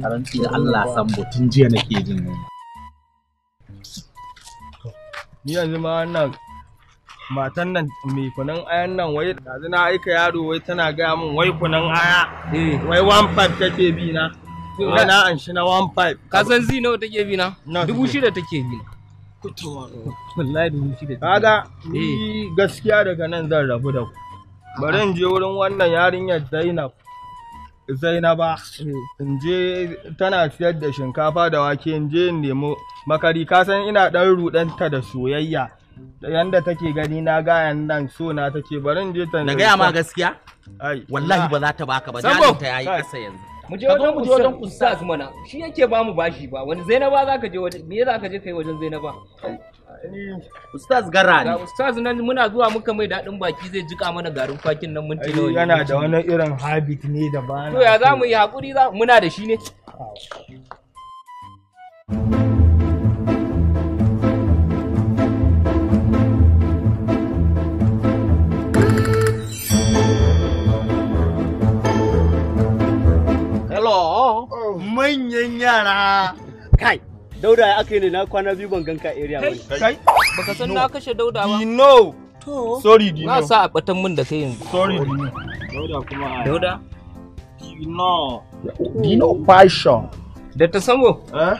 karanci da Allah san tun jiya nake jin yunwa ni yanzu ma wannan matan nan mai kunan ayan nan wai yanzu na aika yaro wai tana gaya min wai kunan aya eh. wai one five take bi na na an shi na one five ka san zi nawa take bi na dubu shida take bi na wallahi dubu shida kaga ni eh. gaskiya daga nan zan rabu da ku bari in je wurin wannan yarinyar Zainab zainaba mm. in je tana siyar da shinkafa da wake in je in nemo makari ka san ina ɗan rudanta da soyayya yanda take gani na gayan nan so na take bari in je ta na gaya ma gaskiya wallahi ba za ta baka ba jarin ta yayi kasa yanzu mu je wajen mu je wajen kusa mana shi yake ba mu bashi ba wani zainaba zaka je wajen me zaka je kai wajen zainaba Ustaz garani. Ustaz nan muna zuwa muka mai daɗin baki zai jika mana garin kwakin nan minti tilo. Yana da wani irin habit ne da ba. To ya za mu yi hakuri za muna da shi ne. Hello. Oh, manyan yara. Kai, Dauda ya aka yi ne na kwana biyu ban ganka area wani. Kai, baka san na kashe Dauda ba. no To. Sorry Dino. Na sa a batan mun da kai yanzu. Sorry Dino. Dauda kuma a. Dauda. Dino. Dino fashion. Da ta samo. Eh?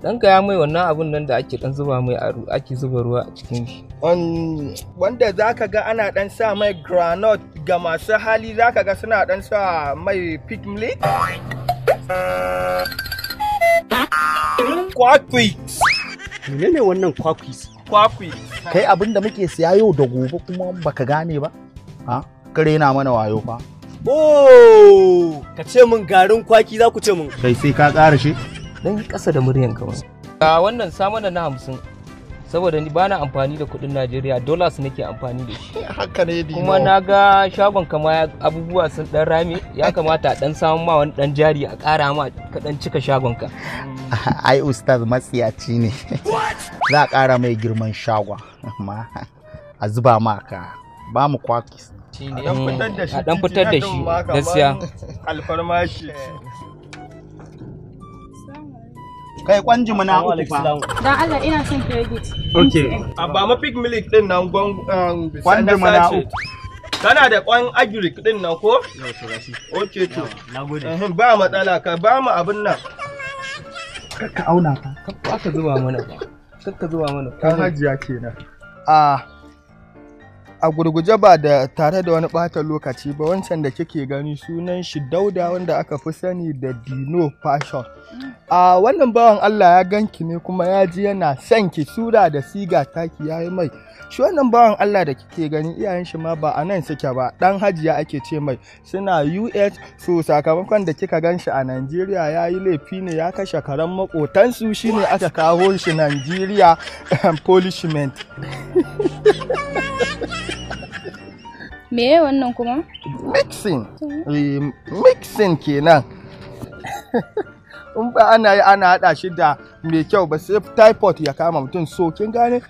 Dan ka ya mai wannan abun nan da ake dan zuba mai ake zuba ruwa a cikin shi. Um, wanda zaka ga ana dan sa mai granite ga masu hali zaka ga suna dan sa mai pigmeat. Kwakwi. Mene ne wannan kwakwi? Kwakwi. Kai abin da muke siya yau da gobe kuma baka gane ba? Ha? Kare na mana wayo fa. Oh! Ka ce min garin kwaki za ku ce min. Kai sai ka ƙara shi? Dan ƙasa da muryan kawai. Ga wannan samana na hamsin. saboda ni bana amfani da kuɗin Najeriya dollars nake amfani da shi haka ne dino kuma na ga shagon kama abubuwa sun dan rame ya kamata dan samu ma wani dan jari a ƙara ma ka dan cika shagon ka ai ustaz matsiyaci ne za a ƙara mai girman shagon amma a zuba ma ka ba mu kwakis a dan fitar da shi gaskiya alfarmashi eh. kai kwanji muna uku fa dan Allah ina son credit okay ah, a ma pick milk din nan gwan um, kwanji muna uku kana da kwan agric din nan ko okay to nagode ba matsala ka ba mu abin nan kakka auna ka ka aka zuba mana ba ka zuba mana kan hajiya kenan ah a gurguje ba da tare da wani ɓata lokaci ba wancan da kike gani sunan shi dauda wanda aka fi sani da dino fashion a wannan bawan allah ya ganki ne kuma ya ji yana son ki sura da siga taki ya yi mai shi wannan bawan allah da kike gani iyayen shi ma ba a nan suke ba dan hajiya ake ce mai suna us su sakamakon da kika gan shi a najeriya ya yi laifi ne ya kashe karen makotansu shine aka kawo shi najeriya polishment me wannan kuma mixing eh, mixing kenan in ba ana yi ana haɗa shi da mai kyau ba sai typhoid ya kama mutum so kin gane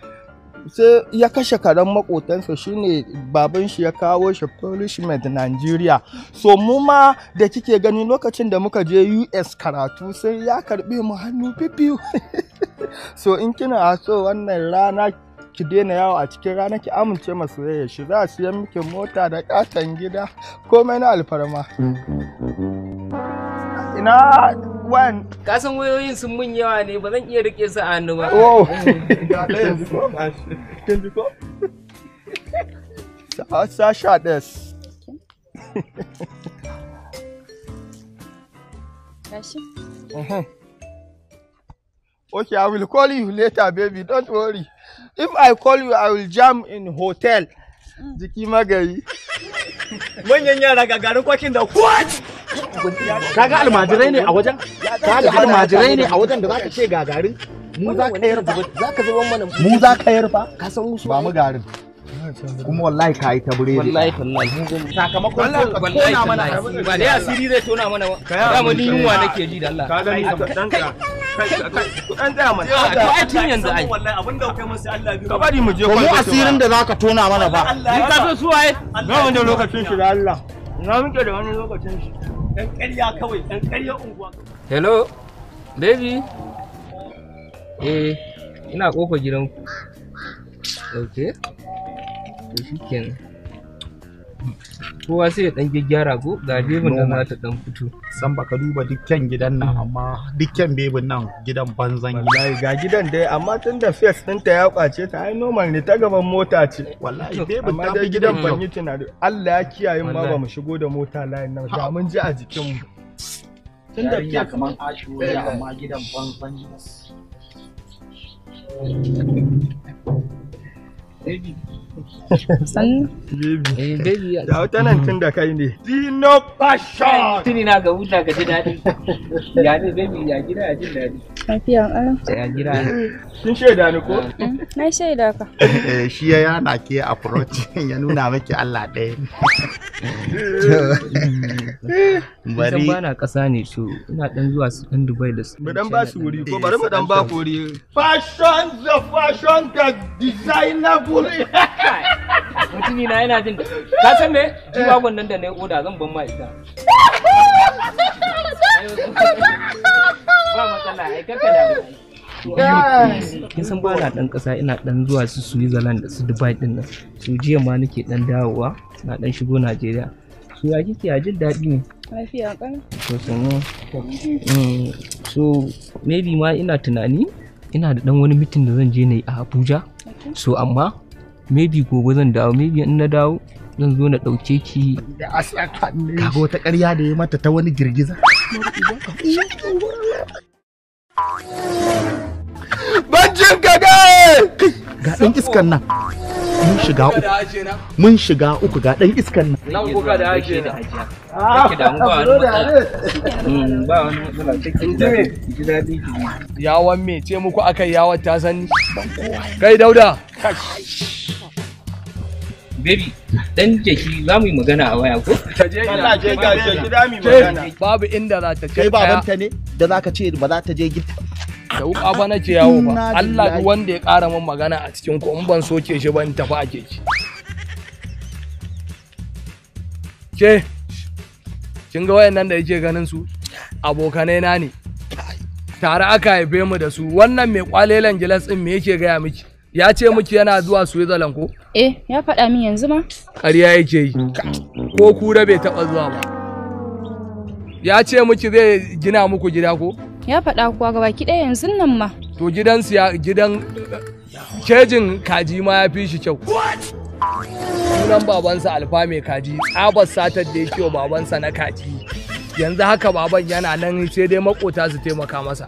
sai ya kashe karen makotansa shine baban shi ya kawo shi punishment Nigeria so mu ma da kike gani lokacin da muka je US karatu sai ya karbe mu hannu bibiyu so in kina so wannan rana ki daina yawo a cikin rana ki amince ma soyayya shi za a siyan miki mota da katon gida komai na alfarma ina wan ka san wayoyin sun mun yawa ne ba zan iya rike su a hannu ba Oh. sasha des Gashi. Okay, I will call you later, baby. Don't worry. if I call you, I will jam in hotel. Mm. Jiki magayi. Manyan yara gagarin kwakin da what? Kaga almajirai ne a wajen? Kaga almajirai ne a wajen da zaka ce gagarin? Mu za ka yarfa. Za ka zuban mana. Mu za ka yarfa. Ka san musu. Ba mu garin. kuma wallahi ka yi tabure wallahi wallahi mu tallahi sakamakon tona mana ba da asiri zai tona mana ba mun yunwa nake ji da Allah ka gani dan ka ka bari mu je mu asirin da zaka tona mana ba in ka so suwaye ba mu da lokacin shi da Allah na muke da wani lokacin shi dan ƙarya kawai dan ƙarya unguwa hello baby eh ina kofa gidanku okay to shikenan kowa sai ya dan gyaggyara go ga bebin nan za ta dan fito san baka duba dukkan gidan nan mm. amma dukkan bebin nan gidan banzan gida ga gidan dai amma tun da face ɗinta ya kwace ta ai normal ne ta gaban mota ce wallahi bebin ta fi gidan ban yi tunani Allah ya kiyaye ma ba mu shigo da mota layin nan da mun ji a jikin mu tun da fiya ashu ne eh. amma gidan banzan Baby. sannu baby baby ya hauta nan tun da kai ne zino fashion tuni na ga wuta ga ji daɗi ya ne baby ya gida ya jin daɗi lafiya ala ya gida Sun shaida ni ko na shaida ka shi ya yana ke approach ya nuna miki Allah ɗaya bari ba na kasa ne so ina dan zuwa su dan Dubai da su mu dan ba su wuri ko bari mu dan ba ku wuri fashion the fashion the designable mutumi na yana jin ka san me jiwagon nan da na oda zan ban ma ita ba matsala ai karka da kin san ba na dan kasa ina dan zuwa su Switzerland da su Dubai din nan to jiya ma nake dan dawowa na dan shigo Najeriya so ya kike a jin daɗi ne lafiya to mm, so maybe ma ina tunani ina da ɗan wani mitin da zan je na yi a Abuja so amma maybe gobe zan dawo maybe in na dawo zan zo na ɗauke ki kaga wata ƙarya da ya mata ta wani girgiza Bancin kaga! ga iskan nan mun shiga uku mun shiga uku ga ɗan iskan nan nan kuka da ake da hajiya ah, ake da mu hmm, ba wani matsala ba wani matsala cikin jime ji dadi yawan me ce muku akai Yawon ta sani kai dauda baby dan jeki za mu yi magana a waya ko ta je ina je ga je da mu magana babu inda za ta kai babanta ne da zaka ce ba za ta je gida da wuka ba nake yawo ba Allah duk wanda ya ƙara min magana a cikin ku in ban soke shi ba in tafi a keke ke kin ga wayannan da yake ganin su abokanai na ne tare aka haife mu da su wannan mai kwalelan gilas din me yake gaya miki ya ce miki yana zuwa Switzerland ko eh ya faɗa min yanzu ma ƙarya yake yi ko kura bai taɓa zuwa ba ya ce miki zai gina muku gida ko ya faɗa kuwa ga baki ɗaya yanzu nan ma to gidan ya gidan cejin kaji ma ya fi shi kyau sunan babansa alfa mai kaji tsabar satar da ya wa babansa na kaji yanzu haka baban yana nan sai dai makota su taimaka masa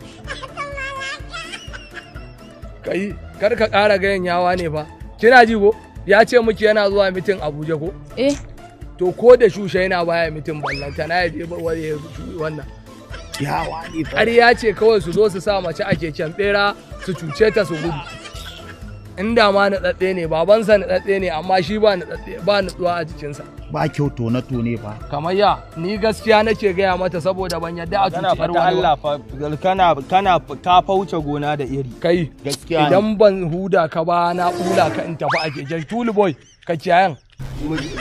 kai kar ka ƙara gayan yawa ne fa kina ji ko ya ce miki yana zuwa mitin abuja ko eh to ko da shushe yana baya mitin ballanta na ya je wannan ciyawa ne ƙarya ce kawai su zo su sa mace a keken bera su cuce ta su gudu inda ma naɗaɗɗe ne babansa naɗaɗɗe ne amma shi ba ba nutsuwa a jikinsa ba kyau tone tone ba. kamar ya ni gaskiya nake gaya mata saboda ban yadda a cuce ta Allah kana kana ka fauce gona da iri kai gaskiya idan ban huda ka ba na kula ka in tafi a keken tulu boy ka ciyayan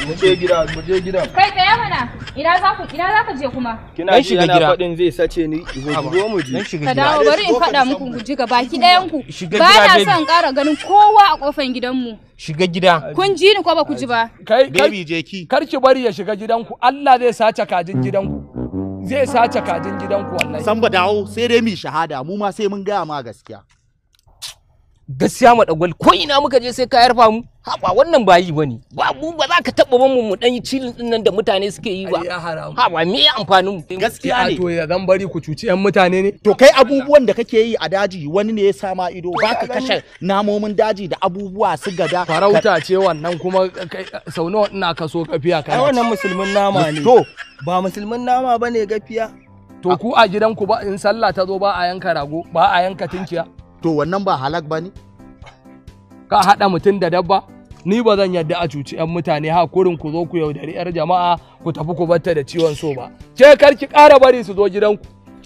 Muje gida, muje gida. Kai tsaya mana. Ina za ku, ina za ku je kuma? Kina ji yana faɗin zai sace ni, zo mu je. Ka dawo bari in faɗa muku ku ji gaba ki ɗayan ku. Ba na son ƙara ganin kowa a ƙofan gidanmu. Shiga gida. Kun ji ni ko ba ku ji ba? Kai, baby Kar ki bari ya shiga gidanku. Allah zai sace kajin gidanku. Zai sace kajin gidanku wallahi. San ba dawo sai dai mi shahada mu ma sai mun gaya ma gaskiya. gaskiya mu dagwal ko ina muka je sai ka yarfa mu haba wannan ba yi bane ba mu ba za ka taba mu mu dan yi cilin din nan da mutane suke yi ba haba me ya amfanin mu gaskiya ne to ya zan bari ku cuci yan mutane ne to kai abubuwan da kake yi a daji wani ne ya sama ido ba ka kashe namomin daji da abubuwa su gada farauta ce wannan kuma sau nawa ina kaso gafiya kai wannan musulmin nama ne to ba musulmin nama bane gafiya to ku a gidanku ba in sallah ta zo ba a yanka rago ba a yanka tunkiya to wannan ba halak ba ne ka haɗa mutum da dabba ni ba zan yadda a cuci 'yan mutane ha kurin ku zo ku yaudari 'yar jama'a ku tafi ku batta da ciwon so ba Ke kar ki ƙara bari su zo gidanku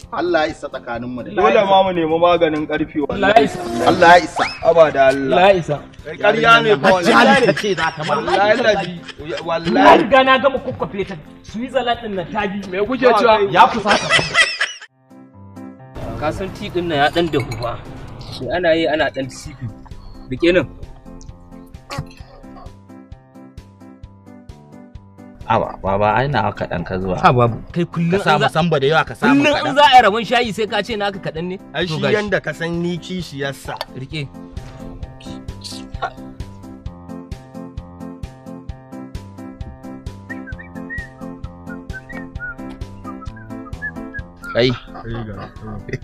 Allah ya isa tsakanin mu dole ma mu nemi maganin ƙarfi Allah ya isa Allah da isa abada Allah Allah ya isa ƙarya ne ba wallahi ta ce za ta wallahi wallahi Ga na gama kukkufe ta zalat din na tabi me kuke cewa ya fusata ka san tikin na ya dan da huwa? shi ana yi ana ɗan sifi rike nan Aba, baba ai na aka dan ka zuwa. A babu. Kai kullum ka samu samba da yawa ka samu kaɗan. Kullum za a rabon shayi sai ka ce naka kadan ne. Ai shi yanda ka san ni kishiyarsa. Rike.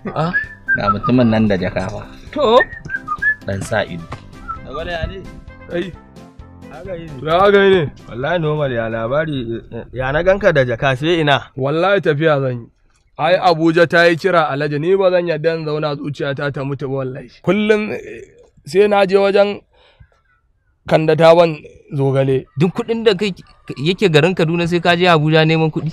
Kai. Ah. ga mutumin nan da jaka ba. to dan sa ido da gwada ya ne ai Ya aga ne. Wallahi normal ya labari ya na ganka da jaka sai ina. Wallahi tafiya zan yi. Ai Abuja ta yi kira Alhaji ni ba zan yadda in zauna zuciyata ta mutu ba wallahi. Kullum sai na je wajen kandatawan zogale. Duk kuɗin da yake garin Kaduna sai ka je Abuja neman kuɗi.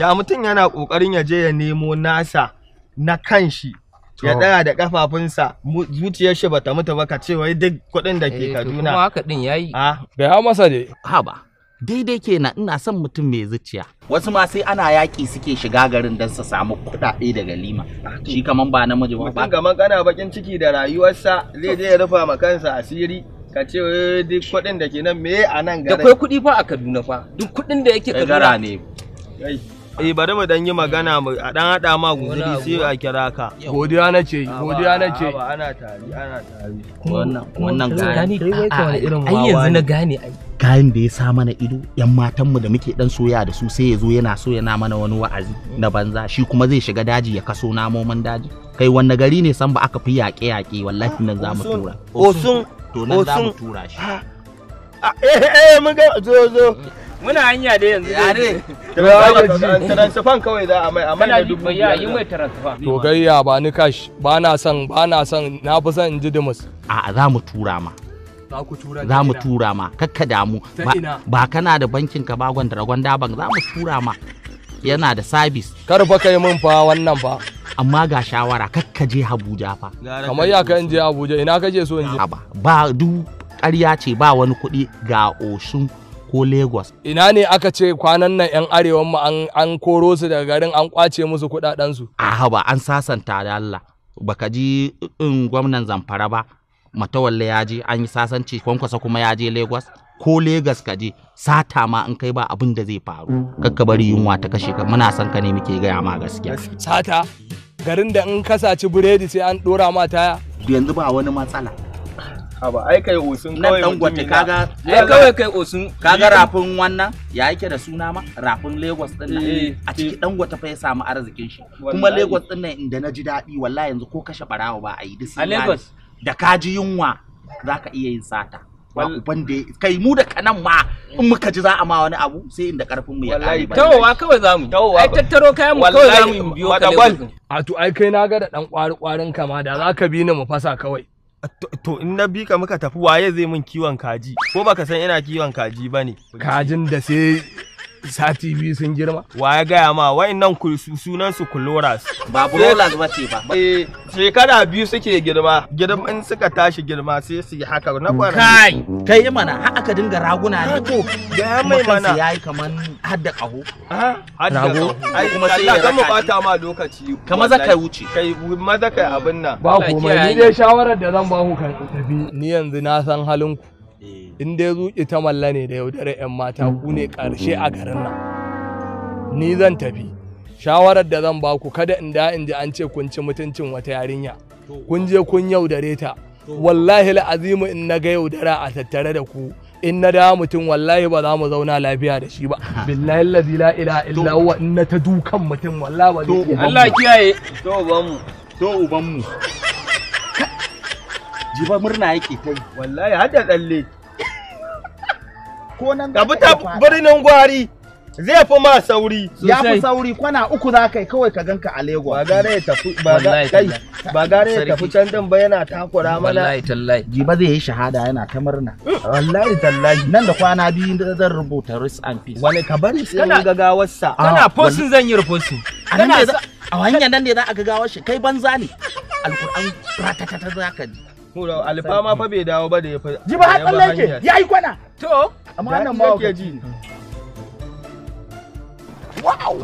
Ya mutum yana ƙoƙarin ya je ya nemo nasa na kanshi ya daya da kafafunsa zuciyar shi bata mutu ba ka ce wai duk kuɗin da ke eh, Kaduna kuma haka din yayi a ah. bai hau masa ne ha ba daidai kenan ina son mutum mai zuciya wasu ma sai ana yaƙi suke shiga garin don su samu kuɗaɗe daga lima ah, shi kaman ba namiji ba ba kaman kana bakin ciki da rayuwarsa zai je ya rufa ma kansa asiri ka ce duk kuɗin da ke nan me a nan garin da kai kuɗi fa a Kaduna fa duk kuɗin da yake Kaduna ne eh bari mu dan yi magana mu a dan hada ma guzuri sai a kira ka godiya na ce godiya na ce ba ana tari ana tari wannan wannan gani ai yanzu na gane ai kayan da ya sa mana ido yan matan mu da muke dan soya da su sai ya zo yana so yana mana wani wa'azi na banza shi kuma zai shiga daji ya kaso namomin daji kai wanne gari ne san ba aka fi yaƙe yaƙe wallahi nan za mu tura osun to nan za mu tura shi ah, eh, eh eh mun ga zo zo muna hanya da yanzu ne transfer kawai za a mai a mai dubu ya yi mai transfer to gayya ba ni cash ba na son ba na son na fi son in ji dimus a za mu tura ma za mu tura ma kakka damu ba kana da bankin ka ba gwandara gwanda ban za mu tura ma yana da sabis kar fa kai min fa wannan fa amma ga shawara kakka je Abuja fa kamar ya ka in je Abuja ina kaje so in je ba duk ƙarya ce ba wani kuɗi ga osun ko Lagos. Ina ne aka ce kwanan nan 'yan arewan mu an koro su daga garin an kwace musu su. A ba an sasanta da Allah. Baka ji in gwamnan zamfara ba, matawalle ya je an yi sasanci kwankwasa kuma ya je Lagos. Ko Lagos ka je sata ma in kai ba abin da zai faru. Kakka bari yunwa ta kashe ka muna son ka ne muke gaya ma gaskiya. Sata garin da in kasaci buredi sai an dora ma taya. Yanzu ba wani matsala. Haba ai kai osun kawai nan gwate kaga ai kawai kai osun kaga rafin wannan ya yake da suna ma rafin Lagos din nan eh, a ciki eh. dan gwate fa ya samu arzikin shi kuma Lagos din nan inda na ji daɗi wallahi yanzu ko kashe barawo ba a yi duk Lagos da kaji yunwa za ka iya yin sata uban da kai mu da kanan ma in muka ji za a ma wani abu sai inda karfin mu ya kare ba tawowa kawai za mu zamu ai tattaro kayan mu kawai mu biyo ka a to ai kai na ga da dan kwari kwarin kama da za ka bi ni mu fasa kawai To in na bi ka muka tafi waye zai min kiwon kaji ko baka san ina kiwon kaji bane. Kajin da sai sati biyu sun girma wa ya gaya ma wa'annan sunan su kuloras ba kuloras ba ce ba eh, shekara biyu suke girma girma in suka tashi girma sai su yi haka na kwana kai kai mana har aka dinga raguna ne ko ah, ga mai mana ya yi kaman hadda kaho ah, rago ai kuma sai ya gama bata ma lokaci kama za kai wuce kai maza kai abin nan ba komai ni dai shawarar da zan ba ku kan tafi ni yanzu na san halin ku in dai zuƙi ta malla ne da yaudare 'yan mata ku ne ƙarshe a garin nan ni zan tafi shawarar da zan ba ku kada in da in ji an ce kun ci mutuncin wata yarinya kun je kun yaudare ta wallahi la'azimu in na ga yaudara a tattare da ku in na da mutum wallahi ba za mu zauna lafiya da shi ba billahi allazi la ilaha illa huwa in na ta dukan mutum wallahi ba zai Allah kiyaye to uban mu to uban mu ba murna yake kai wallahi hada dalle ko nan birnin gwari zai fi ma sauri ya fi sauri kwana uku za kai kawai ka ganka a lagos ba gare ya tafi ba kai ba gare ya tafi can din ba yana takura mana wallahi tallahi jiba zai yi shahada yana ta murna wallahi tallahi nan da kwana biyu zan rubuta risk and peace wani ka bari sai mun gagawar kana ah, posting zan yi kana a wannan nan ne za a ga shi kai banza ne alkur'an ratatata za ka ji Mura fa bai dawo ba da ya Ji ba har tsalle yake ya yi kwana. To. Amma ma ke ji. Wow!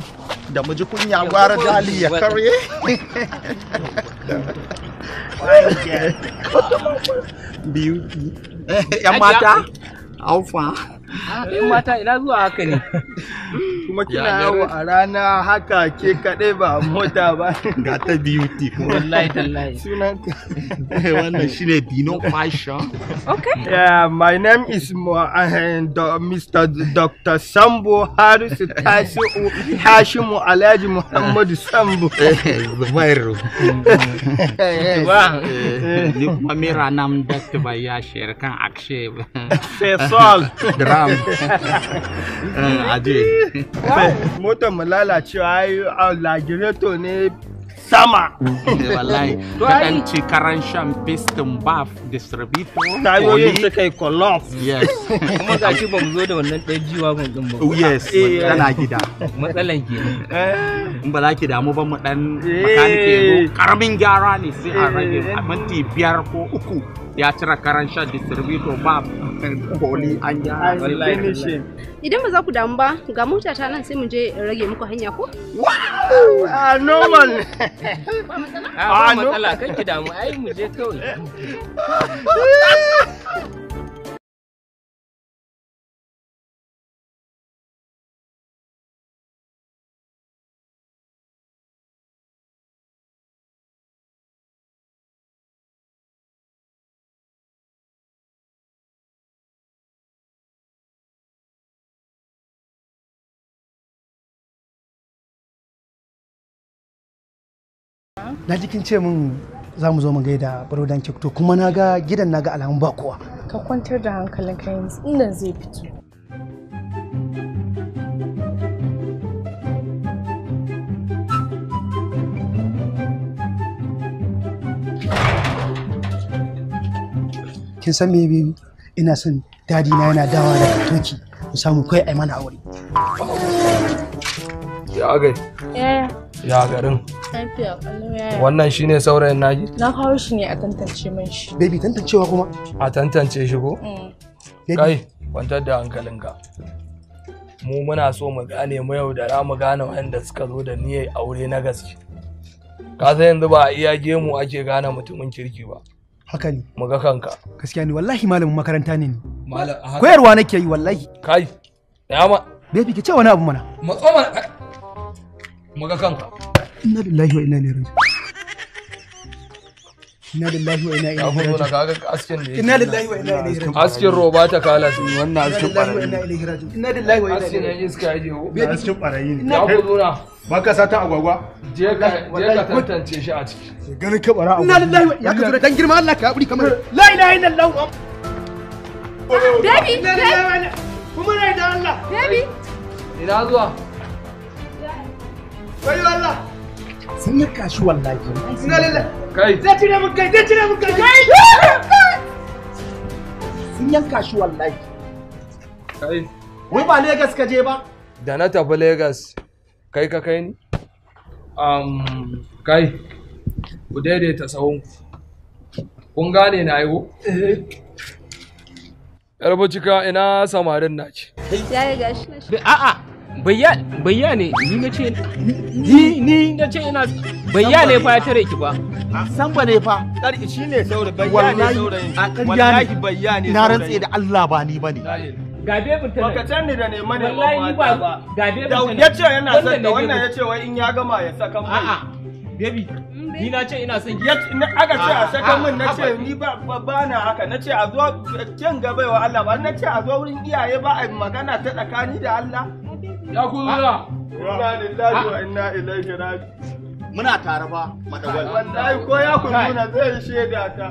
Da mu ji kunya gwara dali ya karye. Biyu. Eh, mata? Alfa. mata ina zuwa haka ne kuma kina yawo a rana haka ke kaɗai ba mota ba ga ta beauty kuma wallahi tallahi sunan ka eh, wannan shine Dino okay yeah my name is Mr. Uh, Dr. Sambo Harris Tasiu Hashimu Alhaji Muhammad Sambo Zubairu eh, eh, ni kuma nam Dr. kan akshe Fesol Eh, aje motar mu lalacewa a lagireto ne sama eh, wallahi kadan ce karan sham piston baf distributor tayoyin su kai kolof yes kuma ga shi ba mu zo da wannan ɗan jiwa mun din ba oh, yes kana eh. gida matsalan ke in ba za ki damu ba mu dan makanike karamin gyara ne sai a rage minti biyar ko uku ya cira karan shan distributor ba koli an wallahi idan ba za ku damu ba ga mota ta nan sai mu je rage muku hanya ko a ah, normal a ah, ah, normal kan ki damu ai mu je kawai na jikin ce min za mu zo mu gaida barodan to kuma na ga gidan na ga alamun ba kowa ka kwantar da hankalin kai inda zai fito kin san me bi ina son dadi na yana dawa da toki mu samu kai ai mana aure ya agai ya garin wannan shine saurayin naki na kawo shi ne a tantance man shi baby tantancewa kuma a tantance shi ko mm. kai kwantar da hankalinka mu muna so mu gane mu yau da mu gane wanda suka zo da niyyar aure na gaske ka san yanzu ba a iya gemu ake gane mutumin kirki ba haka ne mu ga kanka gaskiya ne wallahi malamin makaranta ne ni koyarwa nake yi wallahi kai ya ma baby ki ce wani abu mana matsoma mu ga kanka inna lillahi wa inna ilaihi raji'un inna lillahi wa inna ilaihi raji'un ka ga askin da inna lillahi wa inna ilaihi raji'un askin roba ta kala su wannan askin barayi inna lillahi wa inna ilaihi raji'un askin yan iska yaje ho askin barayi ne ya ku na baka ta agwagwa je ka je ka tantance shi a ciki ganin ka bara inna lillahi wa ya ka tura dan girma Allah ka hakuri kamar la ilaha illallah Baby, baby. Kuma rai da Allah. Baby. Ina zuwa. Wai wallah. Sun yanka shi wallahi. Ina lalla. Kai. Zai cire mun kai, zai cire mun kai. Kai. Sun wallahi. Kai. Wai ba ka je ba? Da na tafi Legas, kai ka kai ni? Um, kai, ku daidaita sahunku. Kun gane na yi eh. Yar cika ina samarin na ce. Ya yi gashi shi. A'a, bayya ne ni na ce ni ni na ce ina bayya ne fa ya tare ki ba san ba ne fa kar shi ne saura bayya ne saurayin wallahi bayya na rantse da Allah ba ni bane gabe mutane baka can da ne mane wallahi ba gabe mutane ya ce yana son da wannan ya ce wai in ya gama ya saka mai a'a mm, baby ni na ce ina son ya aka ce a saka min na ce ni ba ba na haka na ce a zo kin gabaiwa Allah ba na ce a zo wurin iyaye ba a magana ta tsakani da Allah Ya ku ah, zuwa. Inna lillahi wa inna ilaihi raji. Muna tare ba madawal. Wallahi ko ya ku nuna zai shaida ta.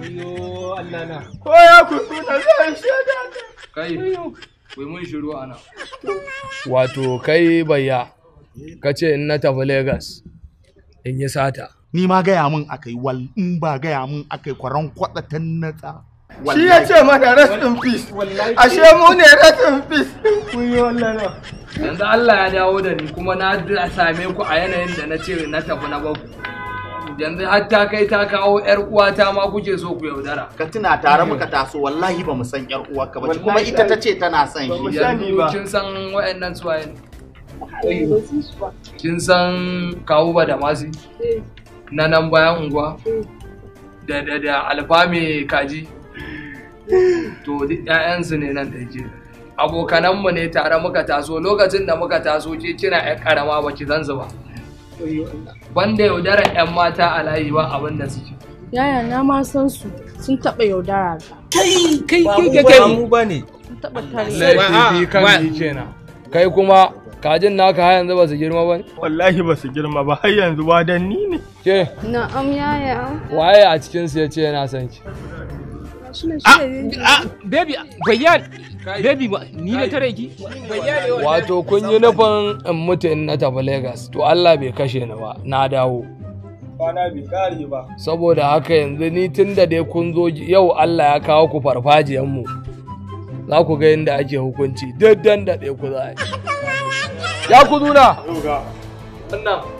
Yo Allah na. Ko ya ku nuna zai shaida ta. Kai. Kai mun shiru ana. Wato kai bayya. Ka ce in na tafi Legas in yi sata. Ni ma gaya min aka yi wal in ba gaya min aka yi kwaran kwaɗa ta natsa. shi ya ce mana rest in peace ashe mu ne rest in peace kun yi wallana yanzu Allah ya dawo da ni kuma na same ku a yanayin da na ce na tafi na babu. yanzu har ta kai ta kawo yar uwata ma kuke so ku yaudara ka tuna tare muka taso wallahi ba mu san yar ka ba kuma ita ta ce tana son shi yanzu kin san wayannan suwaye kin san kawu ba da masi eh. na nan bayan unguwa eh. da da da alfa kaji to ɗayan 'ya'yansu ne nan da ke abokananmu ne tare muka taso lokacin da muka taso ce kina ƴan karama ba ki zanzu ba banda yaudara 'yan mata a layi ba abin da suke yaya na ma san su sun taɓa yaudara kai kai kai kai mu ba ne kai kuma kajin naka har yanzu ba su girma ba wallahi ba su girma ba har yanzu wadanni ne ke na'am yaya waye a cikin su ya ce yana son ki wato kun yi nufin in mutu in na tafi Lagos to Allah bai kashe ni ba na dawo saboda haka yanzu ni tun da dai kun zo yau Allah ya kawo ku farfajiyan mu za ku ga yadda ake hukunci duk da ku za a yi ya ku nuna wannan